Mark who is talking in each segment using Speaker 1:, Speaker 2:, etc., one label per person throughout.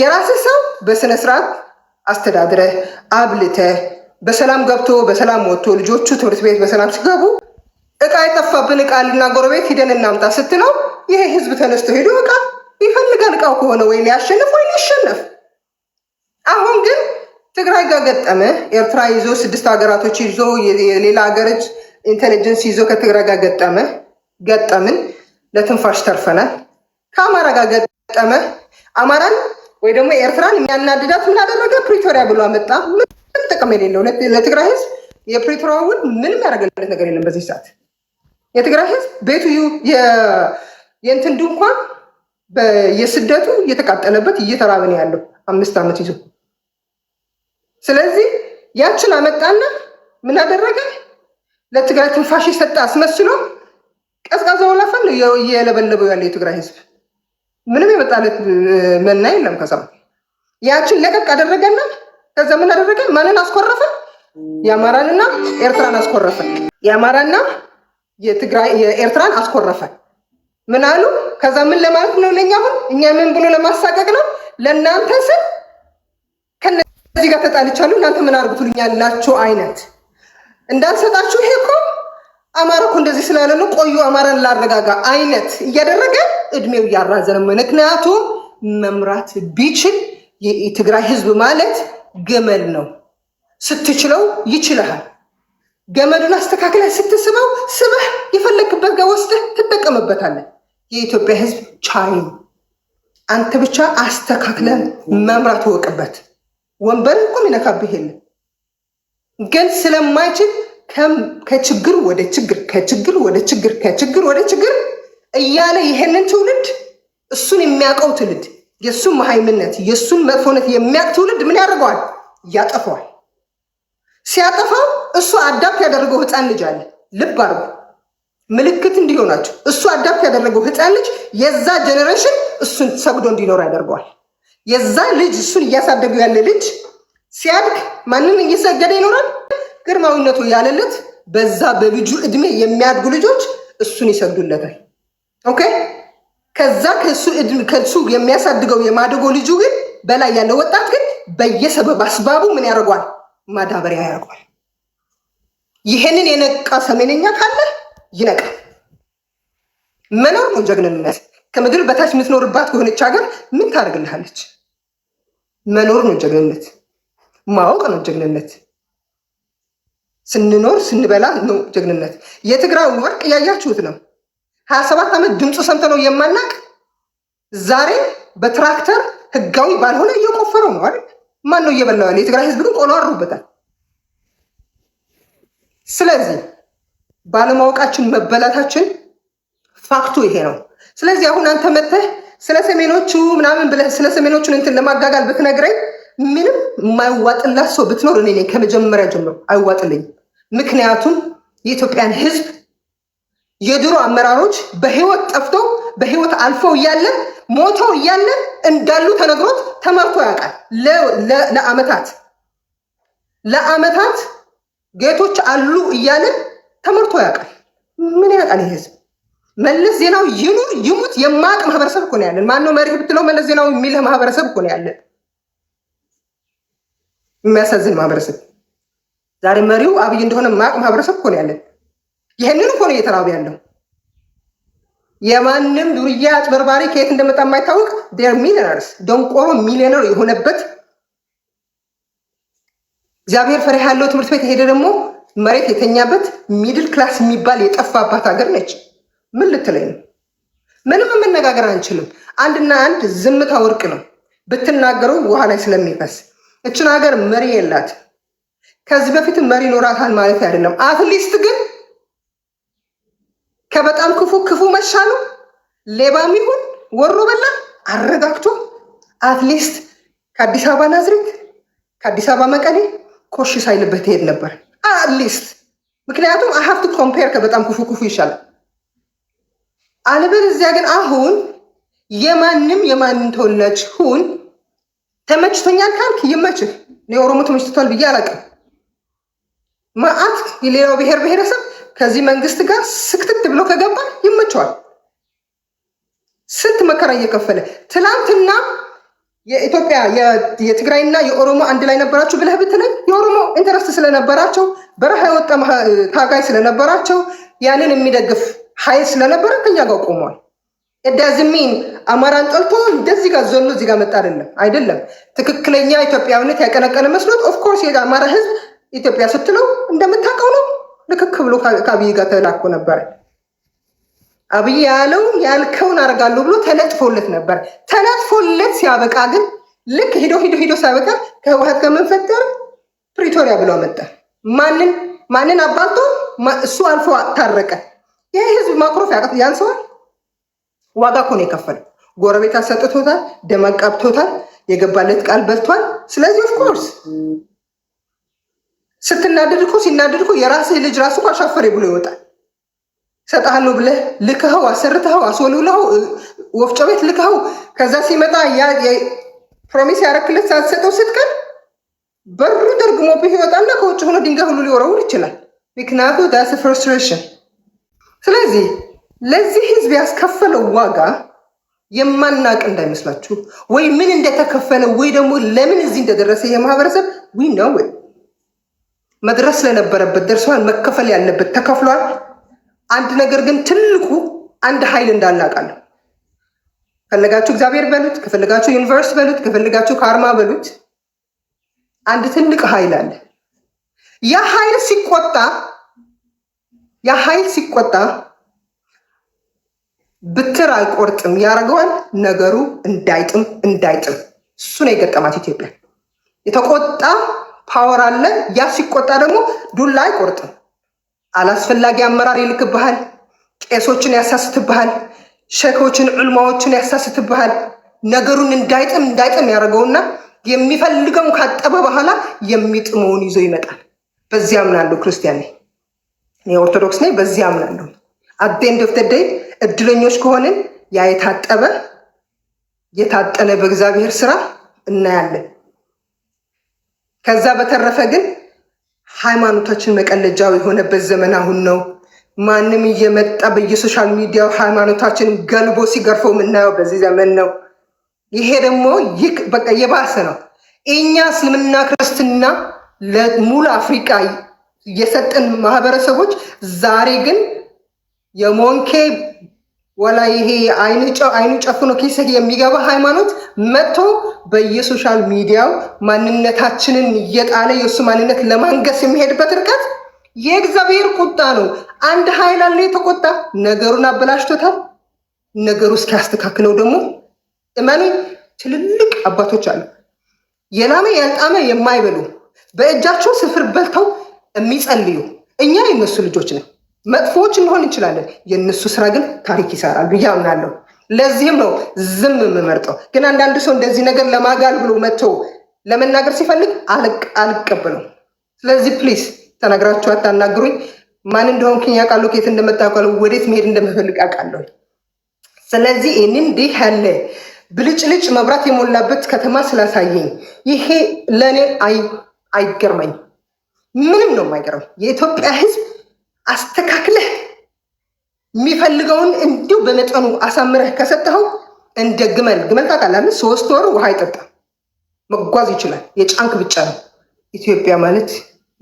Speaker 1: የራስህ ሰው በስነ ስርዓት አስተዳድረህ አብልተህ በሰላም ገብቶ በሰላም ወጥቶ ልጆቹ ትምህርት ቤት በሰላም ሲገቡ እቃ የጠፋብን እቃ ልና ጎረቤት ሂደን እናምጣ ስትለው ይሄ ህዝብ ተነስቶ ሄዶ እቃ ይፈልጋል። እቃው ከሆነ ወይ ሊያሸንፍ ወይ ሊሸነፍ። አሁን ግን ትግራይ ጋር ገጠመ። ኤርትራ ይዞ ስድስት ሀገራቶች ይዞ የሌላ ሀገር ኢንቴሊጀንስ ይዞ ከትግራይ ጋር ገጠመ። ገጠምን፣ ለትንፋሽ ተርፈናል። ከአማራ ጋር ገጠመ። አማራን ወይ ደግሞ ኤርትራን የሚያናድዳት ምናደረገ ፕሪቶሪያ ብሎ አመጣ። ምንም ጥቅም የሌለው ለትግራይ ህዝብ የፕሪቶሪያ ውል ምንም ያደረገለት ነገር የለም። በዚህ ሰዓት የትግራይ ህዝብ ቤቱ የእንትን ድንኳን የስደቱ እየተቃጠለበት እየተራበን ያለው አምስት ዓመት ይዞ። ስለዚህ ያችን አመጣና ምን አደረገ? ለትግራይ ትንፋሽ ሰጣ አስመስሎ ቀዝቃዛው ወላፈን እየለበለበው ያለ የትግራይ ህዝብ ምንም የመጣለት መና የለም። ከሰው ያችን ለቀቅ አደረገና ከዛ ምን አደረገ? ማንን አስኮረፈ? የአማራንና ኤርትራን አስኮረፈ። የአማራና የኤርትራን አስኮረፈ። ምን አሉ? ከዛ ምን ለማለት ነው? ለኛ አሁን እኛ ምን ብሎ ለማሳቀቅ ነው? ለእናንተ ስል ከነዚህ ጋር ተጣልቻሉ፣ እናንተ ምን አድርጉ አይነት እንዳልሰጣችሁ። ይሄ እኮ አማራ እኮ እንደዚህ ስላለ ነው ቆዩ አማራን ላረጋጋ አይነት እያደረገን? እድሜው እያራዘነ፣ ምክንያቱም መምራት ቢችል የትግራይ ህዝብ ማለት ገመድ ነው። ስትችለው ይችልሃል። ገመዱን አስተካክለህ ስትስበው ስበህ የፈለግበት ጋር ወስደህ ትጠቀምበታለህ። የኢትዮጵያ ህዝብ ቻይ፣ አንተ ብቻ አስተካክለህ መምራት ወቅበት። ወንበር ቁም ይነካብህ የለ ግን ስለማይችል ከችግር ወደ ችግር ከችግር ወደ ችግር ከችግር ወደ ችግር እያለ ይሄንን ትውልድ እሱን የሚያውቀው ትውልድ የእሱን መሀይምነት የእሱን መጥፎነት የሚያውቅ ትውልድ ምን ያደርገዋል? ያጠፈዋል። ሲያጠፋው እሱ አዳፕት ያደረገው ህፃን ልጅ አለ። ልብ አድርጎ ምልክት እንዲሆናቸው እሱ አዳፕት ያደረገው ህፃን ልጅ የዛ ጀኔሬሽን እሱን ሰግዶ እንዲኖር ያደርገዋል። የዛ ልጅ እሱን እያሳደገው ያለ ልጅ ሲያድግ ማንን እየሰገደ ይኖራል? ግርማዊነቱ ያለለት በዛ በልጁ እድሜ የሚያድጉ ልጆች እሱን ይሰግዱለታል። ኦኬ። ከዛ ከሱ ከሱ የሚያሳድገው የማደጎ ልጁ ግን በላይ ያለው ወጣት ግን በየሰበብ አስባቡ ምን ያደርጓል? ማዳበሪያ ያደርጓል። ይሄንን የነቃ ሰሜነኛ ካለ ይነቃል። መኖር ነው ጀግንነት። ከምድር በታች የምትኖርባት ከሆነች ሀገር ምን ታደርግልሃለች? መኖር ነው ጀግንነት። ማወቅ ነው ጀግንነት። ስንኖር ስንበላ ነው ጀግንነት። የትግራይ ወርቅ እያያችሁት ነው። ሀያ ሰባት ዓመት ድምፅ ሰምተ ነው የማናቅ ዛሬ በትራክተር ህጋዊ ባልሆነ እየቆፈረው ነው አይደል? ማን ነው እየበላው ያለ? የትግራይ ህዝብ ግን ቆሎ አድሮበታል። ስለዚህ ባለማወቃችን መበላታችን ፋክቱ ይሄ ነው። ስለዚህ አሁን አንተ መተህ ስለ ሰሜኖቹ ምናምን ብለህ ስለ ሰሜኖቹን እንትን ለማጋጋል ብትነግረኝ ምንም የማይዋጥላት ሰው ብትኖር እኔ ከመጀመሪያ ጀምሮ አይዋጥልኝም። ምክንያቱም የኢትዮጵያን ህዝብ የድሮ አመራሮች በህይወት ጠፍተው በህይወት አልፈው እያለ ሞተው እያለ እንዳሉ ተነግሮት ተመርቶ ያውቃል። ለአመታት ለአመታት ጌቶች አሉ እያለ ተመርቶ ያውቃል። ምን ያውቃል ይህ ህዝብ? መለስ ዜናው ይኑር ይሙት የማቅ ማህበረሰብ እኮ ነው ያለን። ማነው መሪህ ብትለው መለስ ዜናው የሚልህ ማህበረሰብ እኮ ነው ያለን። የሚያሳዝን ማህበረሰብ ዛሬ መሪው አብይ እንደሆነ ማቅ ማህበረሰብ እኮ ነው ያለን። ይህንን እኮ ነው እየተራበ ያለው። የማንም ዱርያ አጭበርባሪ ከየት እንደመጣ የማይታወቅ ዴር ሚሊነርስ ደንቆሮ ሚሊዮነር የሆነበት እግዚአብሔር ፈሪሃ ያለው ትምህርት ቤት የሄደ ደግሞ መሬት የተኛበት ሚድል ክላስ የሚባል የጠፋባት ሀገር ነች። ምን ልትለኝ ነው? ምንም መነጋገር አንችልም። አንድና አንድ ዝምታ ወርቅ ነው። ብትናገረው ውሃ ላይ ስለሚፈስ እችን ሀገር መሪ የላት። ከዚህ በፊት መሪ ኖራታል ማለት አይደለም። አትሊስት ግን ከበጣም ክፉ ክፉ መሻሉ ሌባም ይሁን ወሮ በላ አረጋግቶ አትሊስት ከአዲስ አበባ ናዝሬት ከአዲስ አበባ መቀሌ ኮሽ ሳይልበት ይሄድ ነበር አትሊስት። ምክንያቱም አሀብት ኮምፔር ከበጣም ክፉ ክፉ ይሻላል። አለበለዚያ ግን አሁን የማንም የማንም ተወላጅ ሁን ተመችቶኛል ካልክ ይመችህ። እኔ ኦሮሞ ተመችቶታል ብዬ አላውቅም። ማአት የሌላው ብሔር ብሔረሰብ ከዚህ መንግስት ጋር ስክትት ብሎ ከገባ ይመቸዋል። ስንት መከራ እየከፈለ ትናንትና የኢትዮጵያ የትግራይና የኦሮሞ አንድ ላይ ነበራችሁ ብለህ ብትለኝ የኦሮሞ ኢንተረስት ስለነበራቸው በረሃ የወጣ ታጋይ ስለነበራቸው ያንን የሚደግፍ ሀይል ስለነበረ ከኛ ጋር ቆመዋል። እዳዝሚን አማራን ጠልቶ እንደዚህ ጋር ዘሎ እዚህ ጋር መጣ አይደለም፣ አይደለም። ትክክለኛ ኢትዮጵያዊነት ያቀነቀነ መስሎት ኦፍኮርስ የአማራ ህዝብ ኢትዮጵያ ስትለው እንደምታውቀው ነው ልክክ ብሎ ከአብይ ጋር ተላኮ ነበር። አብይ ያለው ያልከውን አደርጋለሁ ብሎ ተለጥፎለት ነበር። ተለጥፎለት ሲያበቃ ግን ልክ ሂዶ ሂዶ ሂዶ ሲያበቃ ከህወሓት ጋር ምን ፕሪቶሪያ ብሎ መጣ። ማንን ማንን አባልቶ እሱ አልፎ ታረቀ። ይህ ህዝብ ማኩረፍ ያንሰዋል። ዋጋ እኮ ነው የከፈለው። ጎረቤት አሰጥቶታል፣ ደም አቃብቶታል፣ የገባለት ቃል በልቷል። ስለዚህ ኦፍኮርስ ስትናደድ እኮ ሲናደድ እኮ የራስህ ልጅ ራሱ እኮ አሻፈሬ ብሎ ይወጣል። ሰጣለሁ ብለህ ልክኸው አሰርተኸው አስወልውለኸው ወፍጮ ቤት ልክኸው ከዛ ሲመጣ ፕሮሚስ ያረክለት ሳትሰጠው ስትቀር በሩ ደርግሞብህ ይወጣና ከውጭ ሆኖ ድንጋይ ሁሉ ሊወረውር ይችላል። ምክንያቱ ዳስ ፍርስትሬሽን። ስለዚህ ለዚህ ህዝብ ያስከፈለው ዋጋ የማናቅ እንዳይመስላችሁ ወይ ምን እንደተከፈለ ወይ ደግሞ ለምን እዚህ እንደደረሰ የማህበረሰብ ዊ ነው መድረስ ለነበረበት ደርሰዋል። መከፈል ያለበት ተከፍሏል። አንድ ነገር ግን ትልቁ አንድ ኃይል እንዳላቃለሁ ከፈለጋችሁ እግዚአብሔር በሉት፣ ከፈለጋችሁ ዩኒቨርስ በሉት፣ ከፈለጋችሁ ካርማ በሉት። አንድ ትልቅ ኃይል አለ። ያ ኃይል ሲቆጣ ያ ኃይል ሲቆጣ ብትር አይቆርጥም፣ ያደርገዋል ነገሩ እንዳይጥም እንዳይጥም። እሱ ነው የገጠማት ኢትዮጵያ የተቆጣ ፓወር አለ። ያ ሲቆጣ ደግሞ ዱላ አይቆርጥም። አላስፈላጊ አመራር ይልክብሃል። ቄሶችን ያሳስትብሃል። ሸኮችን ዑልማዎችን ያሳስትብሃል። ነገሩን እንዳይጥም እንዳይጥም ያደርገውና የሚፈልገውን ካጠበ በኋላ የሚጥመውን ይዞ ይመጣል። በዚህ አምናለሁ። ክርስቲያን ነኝ፣ እኔ ኦርቶዶክስ ነኝ። በዚህ አምናለሁ። አዴን ደፍተደይ እድለኞች ከሆንን ያ የታጠበ የታጠነ በእግዚአብሔር ስራ እናያለን። ከዛ በተረፈ ግን ሃይማኖታችን መቀለጃው የሆነበት ዘመን አሁን ነው። ማንም እየመጣ በየሶሻል ሚዲያው ሃይማኖታችን ገልቦ ሲገርፈው የምናየው በዚህ ዘመን ነው። ይሄ ደግሞ በቃ የባሰ ነው። እኛ እስልምና ክርስትና ለሙሉ አፍሪቃ የሰጠን ማህበረሰቦች ዛሬ ግን የሞንኬ ወላ ይሄ አይኑ ጨፍኖ ኪስህ የሚገባ ሃይማኖት መጥቶ በየሶሻል ሚዲያው ማንነታችንን እየጣለ የእሱ ማንነት ለማንገስ የሚሄድበት ርቀት የእግዚአብሔር ቁጣ ነው። አንድ ኃይል አለ የተቆጣ ነገሩን አበላሽቶታል። ነገሩ እስኪያስተካክለው ደግሞ እመኑ ትልልቅ አባቶች አሉ፣ የላመ ያልጣመ የማይበሉ በእጃቸው ስፍር በልተው የሚጸልዩ እኛ የነሱ ልጆች ነው። መጥፎዎች እንሆን እንችላለን። የእነሱ ስራ ግን ታሪክ ይሰራል ብዬ አምናለሁ። ለዚህም ነው ዝም የምመርጠው። ግን አንዳንድ ሰው እንደዚህ ነገር ለማጋል ብሎ መጥቶ ለመናገር ሲፈልግ አልቀበለው። ስለዚህ ፕሊስ ተናግራችሁ አታናግሩኝ። ማን እንደሆንኩኝ ያውቃለሁ፣ ከየት እንደመጣ ያውቃለሁ፣ ወዴት መሄድ እንደምፈልግ አውቃለሁ። ስለዚህ ይህን እንዲህ ያለ ብልጭልጭ መብራት የሞላበት ከተማ ስላሳየኝ ይሄ ለእኔ አይገርመኝ፣ ምንም ነው የማይገርም የኢትዮጵያ ህዝብ አስተካክለህ የሚፈልገውን እንዲሁ በመጠኑ አሳምረህ ከሰጠኸው እንደ ግመል ግመል ታውቃለህ፣ ሶስት ወር ውሃ አይጠጣም፣ መጓዝ ይችላል። የጫንክ ብቻ ነው። ኢትዮጵያ ማለት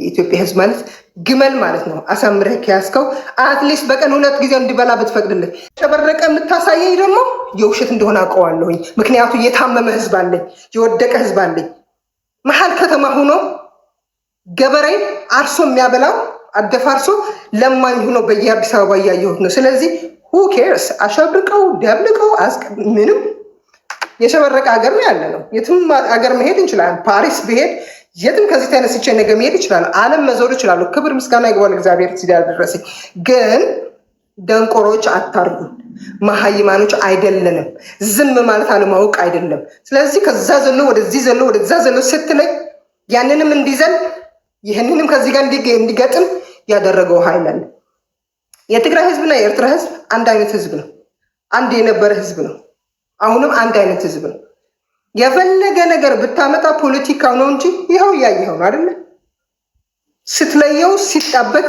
Speaker 1: የኢትዮጵያ ሕዝብ ማለት ግመል ማለት ነው። አሳምረህ ከያዝከው አትሊስት በቀን ሁለት ጊዜ እንዲበላ ብትፈቅድለት። ጨበረቀ የምታሳየኝ ደግሞ የውሸት እንደሆነ አውቀዋለሁኝ። ምክንያቱ የታመመ ሕዝብ አለኝ፣ የወደቀ ሕዝብ አለኝ። መሀል ከተማ ሆኖ ገበሬ አርሶ የሚያበላው አደፋርሶ ለማኝ ሆኖ በየአዲስ አበባ እያየሁት ነው። ስለዚህ ኬርስ አሸብርቀው ደብልቀው ምንም የሸበረቀ ሀገር ነው ያለ ነው። የትም ሀገር መሄድ እንችላለን። ፓሪስ ብሄድ የትም ከዚህ ተነስቼ ነገ መሄድ ይችላለሁ። አለም መዞር ይችላሉ። ክብር ምስጋና ይግባል እግዚአብሔር ዚ ያደረሰኝ። ግን ደንቆሮች አታርጉን። መሀይማኖች አይደለንም። ዝም ማለት አለማወቅ አይደለም። ስለዚህ ከዛ ዘሎ ወደዚህ ዘሎ ወደዛ ዘሎ ስትለኝ ያንንም እንዲዘል ይህንንም ከዚህ ጋር እንዲገጥም ያደረገው ኃይል አለ። የትግራይ ህዝብ እና የኤርትራ ህዝብ አንድ አይነት ህዝብ ነው። አንድ የነበረ ህዝብ ነው። አሁንም አንድ አይነት ህዝብ ነው። የፈለገ ነገር ብታመጣ ፖለቲካው ነው እንጂ ይኸው እያየኸው ነው አይደለ? ስትለየው ሲጠበቅ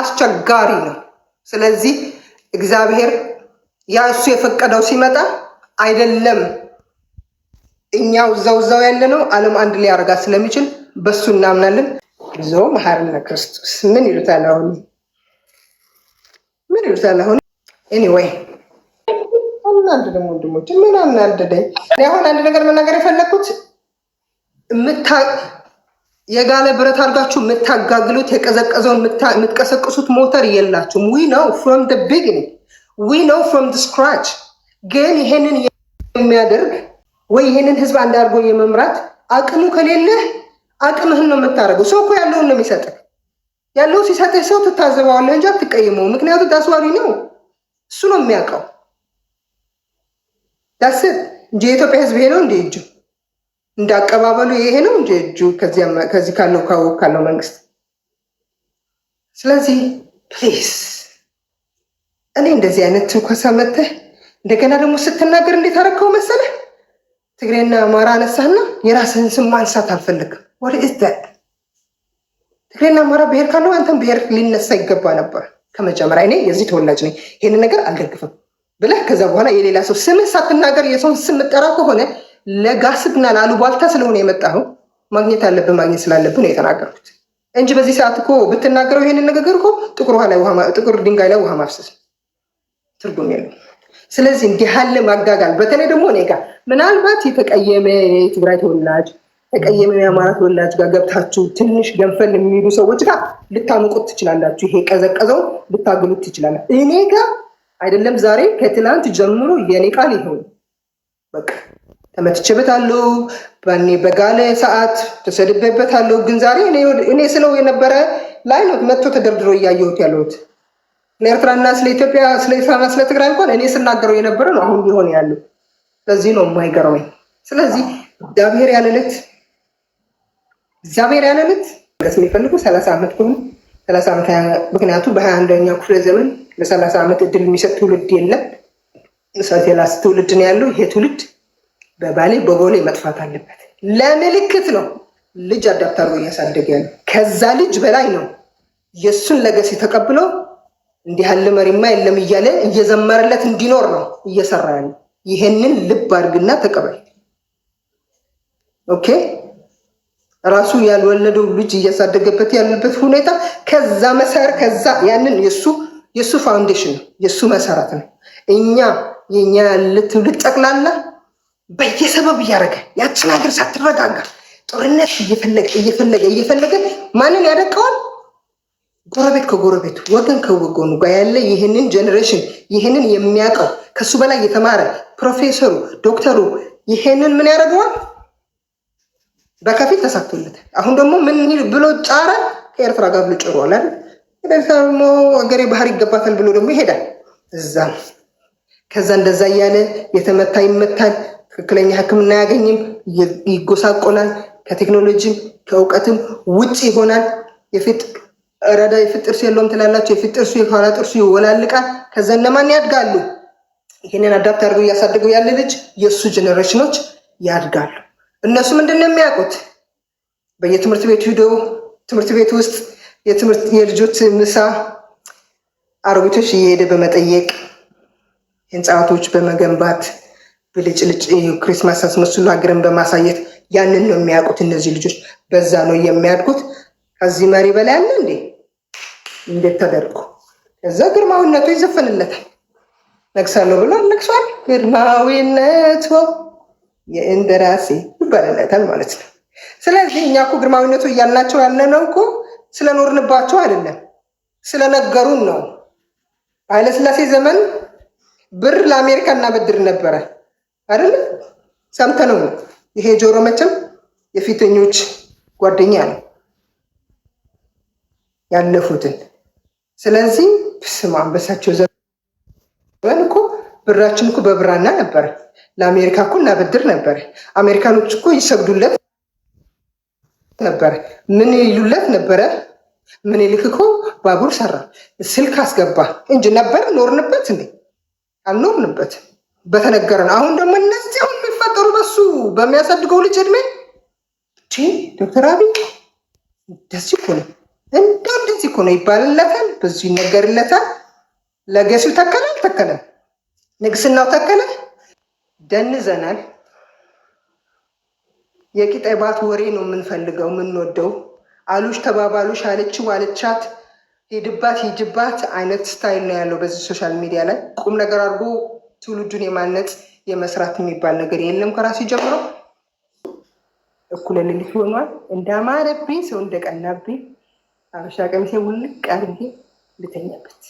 Speaker 1: አስቸጋሪ ነው። ስለዚህ እግዚአብሔር ያ እሱ የፈቀደው ሲመጣ አይደለም እኛው እዛው እዛው ያለ ነው ዓለም አንድ ሊያደርጋት ስለሚችል በሱ እናምናለን። እዞ መሐረነ ክርስቶስ ምን ይሉታል? አሁን ምን ይሉታል? አሁን ኤኒዌይ እናንተ ደግሞ ወንድሞች ምን አናደደኝ። እኔ አሁን አንድ ነገር መናገር የፈለግኩት ምታ የጋለ ብረት አድርጋችሁ የምታጋግሉት የቀዘቀዘውን የምትቀሰቅሱት ሞተር የላችሁም። ዊ ነው ፍሮም ደ ቢግኒንግ ዊ ነው ፍሮም ደ ስክራች። ግን ይሄንን የሚያደርግ ወይ ይሄንን ህዝብ አንድ አድርጎ የመምራት አቅሙ ከሌለህ አቅምህን ነው የምታደርገው። ሰው እኮ ያለውን ነው የሚሰጥ ያለው ሲሰጥህ ሰው ትታዘበዋለህ እንጂ አትቀይመው። ምክንያቱም ዳስዋሪ ነው እሱ ነው የሚያውቀው። ዳስ እንጂ የኢትዮጵያ ህዝብ ይሄ ነው እንደ እጁ እንደ አቀባበሉ ይሄ ነው እንጂ እጁ ከዚህ ካለው ካለው መንግስት። ስለዚህ ፕሊስ እኔ እንደዚህ አይነት ትንኮሳ መተህ እንደገና ደግሞ ስትናገር እንዴት አደረከው መሰለህ? ትግሬና አማራ አነሳህና የራስህን ስም ማንሳት አልፈልግም። ወር ኢዝ ትግሬና አማራ ብሄር ካለው አንተም ብሄር ሊነሳ ይገባ ነበር ከመጀመሪያ። እኔ የዚህ ተወላጅ ነኝ ይህንን ነገር አልደግፍም ብለህ ከዛ በኋላ የሌላ ሰው ስምህ ሳትናገር የሰውን ስም ጠራ ከሆነ ለጋስብና ላሉባልታ ስለሆነ የመጣኸው ማግኘት አለብን ማግኘት ስላለብን ነው የተናገርኩት እንጂ በዚህ ሰዓት እኮ ብትናገረው ይሄንን ነገር እኮ ጥቁር ድንጋይ ላይ ውሃ ማፍሰስ ትርጉም የለም። ስለዚህ እንዲህ ያለ ማጋጋል በተለይ ደግሞ እኔ ጋር ምናልባት የተቀየመ የትግራይ ተወላጅ ተቀየመው የአማራ ተወላጅ ጋር ገብታችሁ ትንሽ ገንፈል የሚሉ ሰዎች ጋር ልታንቁት ትችላላችሁ። ይሄ ቀዘቀዘው ልታግሉት ትችላላችሁ። እኔ ጋር አይደለም ዛሬ ከትናንት ጀምሮ የኔ ቃል ይሆን በቃ ተመትቼበታለሁ። በኔ በጋለ ሰዓት ተሰድቤበታለሁ። ግን ዛሬ እኔ ስለው የነበረ ላይ ነው መጥቶ ተደርድሮ እያየሁት ያለሁት ስለ ኤርትራና ስለ ኢትዮጵያ ስለ ኤርትራና ስለ ትግራይ እንኳን እኔ ስናገረው የነበረ ነው አሁን ሊሆን ያለው። ስለዚህ ነው የማይገርመኝ። ስለዚህ እግዚአብሔር ያለለት እግዚአብሔር ያለምት መለስ የሚፈልጉ ሰላሳ ዓመት ከሆኑ ሰላሳ ዓመት ምክንያቱ በሀያ አንደኛው ክፍለ ዘመን ለሰላሳ ዓመት እድል የሚሰጥ ትውልድ የለም። ሰላስ ትውልድ ነው ያለው። ይሄ ትውልድ በባሌ በቦሌ መጥፋት አለበት። ለምልክት ነው ልጅ አዳፕት እያሳደገ ያለ ከዛ ልጅ በላይ ነው የእሱን ለገሴ ተቀብሎ እንዲህ ያለ መሪማ የለም እያለ እየዘመረለት እንዲኖር ነው እየሰራ ያለ። ይሄንን ልብ አድርግና ተቀበል። ኦኬ ራሱ ያልወለደው ልጅ እያሳደገበት ያለበት ሁኔታ ከዛ መሰር ከዛ ያንን የሱ የሱ ፋውንዴሽን ነው የሱ መሰረት ነው። እኛ የኛ ያለ ትውልድ ጠቅላላ በየሰበብ እያደረገ ያችን ሀገር ሳትረጋጋ ጦርነት እየፈለገ እየፈለገ እየፈለገ ማንን ያደቀዋል? ጎረቤት ከጎረቤቱ ወገን ከወገኑ ጋር ያለ ይህንን ጀኔሬሽን ይህንን የሚያውቀው ከሱ በላይ የተማረ ፕሮፌሰሩ ዶክተሩ ይህንን ምን ያደርገዋል? በከፊል ተሳክቶለታል። አሁን ደግሞ ምን ብሎ ጫረ? ከኤርትራ ጋር ብሎ ጭሯል ደግሞ አገሬ ባህር ይገባታል ብሎ ደግሞ ይሄዳል እዛ ከዛ እንደዛ እያለ የተመታ ይመታል። ትክክለኛ ህክምና አያገኝም፣ ይጎሳቆላል። ከቴክኖሎጂም ከእውቀትም ውጭ ይሆናል። የፊት ረዳ የፊት ጥርሱ የለውም ትላላቸው። የፊት ጥርሱ የኋላ ጥርሱ ይወላልቃል። ከዛ እነማን ያድጋሉ? ይህንን አዳፕት አድርገው እያሳደገው ያለ ልጅ የእሱ ጀኔሬሽኖች ያድጋሉ። እነሱ ምንድን ነው የሚያውቁት? በየትምህርት ቤቱ ሂዶ ትምህርት ቤት ውስጥ የትምህርት የልጆች ምሳ አሮጊቶች እየሄደ በመጠየቅ ህንፃዎች በመገንባት ብልጭልጭ ክሪስማስ አስመስሉ ሀገርን በማሳየት ያንን ነው የሚያውቁት። እነዚህ ልጆች በዛ ነው የሚያድጉት። ከዚህ መሪ በላይ አለ እንዴ? እንዴት ተደርጎ ከዛ ግርማዊነቱ ይዘፈንለታል። ነግሳለሁ ብሎ ነግሷል። ግርማዊነቱ የእንደራሴ ይበላላታል ማለት ነው። ስለዚህ እኛ እኮ ግርማዊነቱ እያልናቸው ያለነው እኮ ስለኖርንባቸው አይደለም፣ ስለነገሩን ነው። ኃይለስላሴ ዘመን ብር ለአሜሪካ እናበድር ነበረ አይደለ? ሰምተነው ነው። ይሄ ጆሮ መቼም የፊተኞች ጓደኛ ነው ያለፉትን። ስለዚህ ስማ አንበሳቸው ዘመን እኮ ብራችን እኮ በብራና ነበረ። ለአሜሪካ እኮ እናበድር ነበር። አሜሪካኖች እኮ ይሰግዱለት ነበር። ምን ይሉለት ነበረ? ይልክ እኮ ባቡር ሰራ፣ ስልክ አስገባ እንጂ ነበር። ኖርንበት እንዴ? አልኖርንበት። በተነገረን አሁን ደግሞ እነዚህ አሁን የሚፈጠሩ በሱ በሚያሳድገው ልጅ እድሜ ዶክተር አብይ እንደዚህ እኮ ነው እንደው እንደዚህ እኮ ነው ይባልለታል፣ በዙ ይነገርለታል። ለገሱ ተከለ አልተከለም? ንግስናው ተከለ ደንዘናል። የቂጠባት ወሬ ነው የምንፈልገው የምንወደው። አሉሽ ተባባሉሽ፣ አለችው አለቻት፣ ሄድባት ሄጅባት አይነት ስታይል ነው ያለው በዚህ ሶሻል ሚዲያ ላይ። ቁም ነገር አድርጎ ትውልዱን የማነጽ የመስራት የሚባል ነገር የለም። ከራሱ ጀምሮ እኩለ ሌሊት ሆኗል። እንዳማረብኝ ሰው እንደቀናብኝ አበሻ ቀሚሴ ውልቅ አድርጌ ልተኛበት